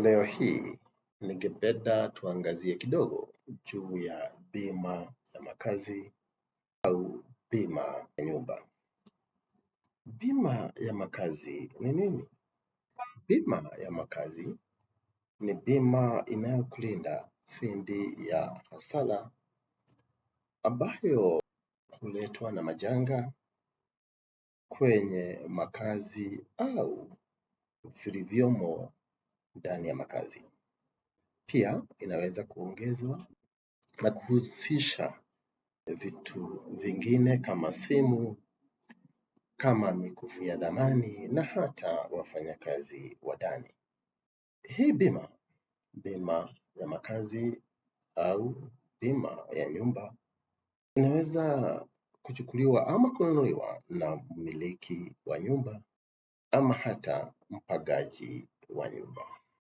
Leo hii ningependa tuangazie kidogo juu ya bima ya makazi au bima ya nyumba. Bima ya makazi ni nini? Bima ya makazi ni bima inayokulinda dhidi ya hasara ambayo huletwa na majanga kwenye makazi au vilivyomo ndani ya makazi. Pia inaweza kuongezwa na kuhusisha vitu vingine kama simu, kama mikufu ya dhamani na hata wafanyakazi wa ndani. Hii bima, bima ya makazi au bima ya nyumba inaweza kuchukuliwa ama kununuliwa na mmiliki wa nyumba ama hata mpagaji wa nyumba.